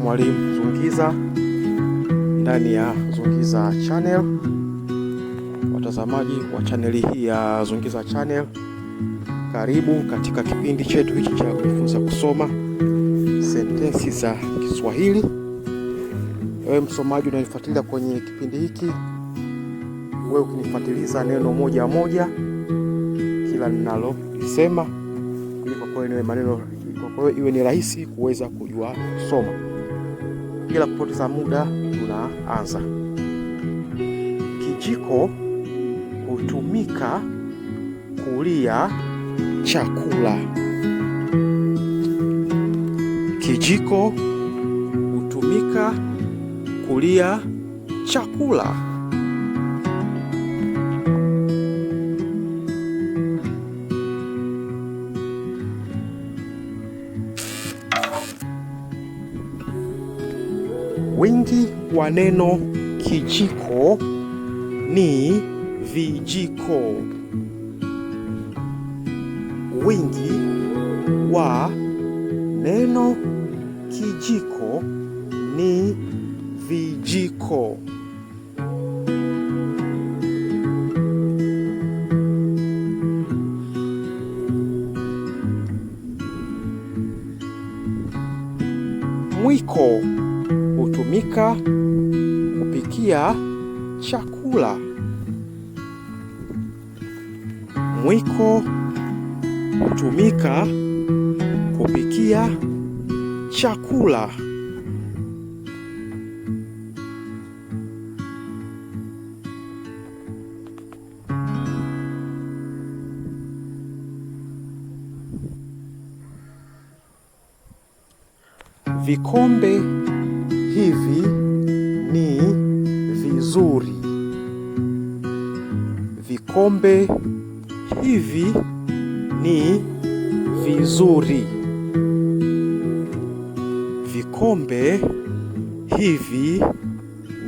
Mwalimu Zungiza ndani ya Zungiza Channel. Watazamaji wa chaneli hii ya Zungiza Channel, karibu katika kipindi chetu hichi cha kujifunza kusoma sentensi za Kiswahili. Ewe msomaji unanifuatilia kwenye kipindi hiki, wewe ukinifuatiliza neno moja moja kila ninalolisema, kwa kweli iwe maneno, kwa kweli iwe ni rahisi kuweza kujua kusoma bila kupoteza muda tunaanza. Kijiko hutumika kulia chakula. Kijiko hutumika kulia chakula. Wingi wa neno kijiko ni vijiko. Wingi wa neno kijiko ni vijiko. Mwiko hutumika kupikia chakula. Mwiko hutumika kupikia chakula. Vikombe hivi ni vizuri. Vikombe hivi ni vizuri. Vikombe hivi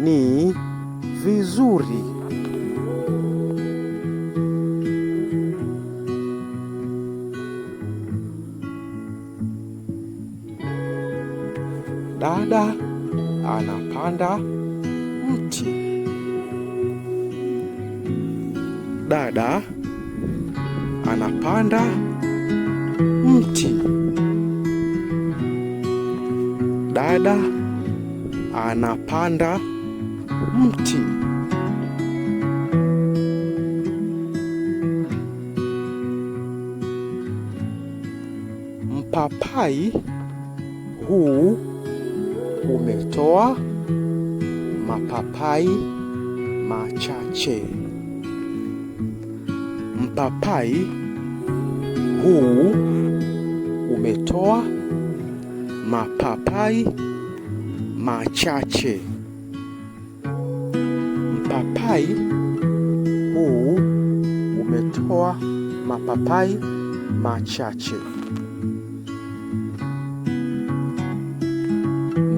ni vizuri. Dada anapanda mti. Dada anapanda mti. Dada anapanda mti. Mpapai huu umetoa mapapai machache. Mpapai huu umetoa mapapai machache. Mpapai huu umetoa mapapai machache.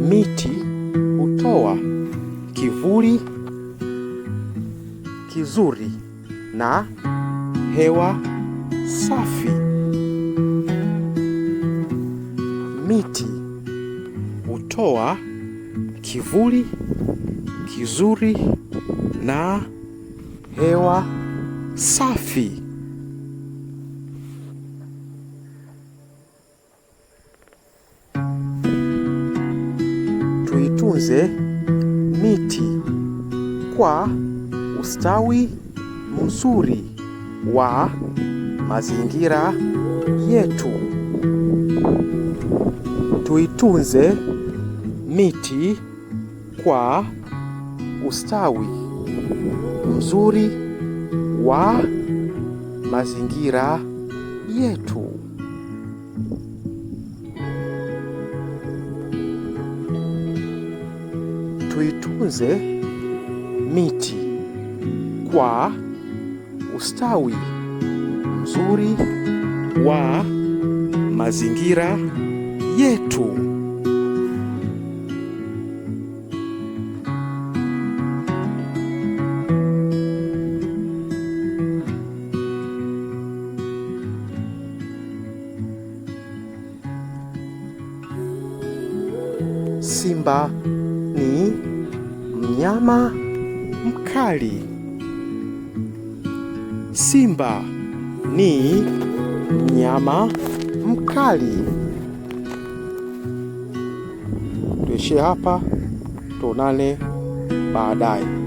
miti hutoa kivuli kizuri na hewa safi. Miti hutoa kivuli kizuri na hewa safi. tuitunze miti kwa ustawi mzuri wa mazingira yetu. Tuitunze miti kwa ustawi mzuri wa mazingira yetu. tuitunze miti kwa ustawi mzuri wa mazingira yetu. Simba ni mnyama mkali. Simba ni mnyama mkali. Tuishie hapa, tuonane baadaye.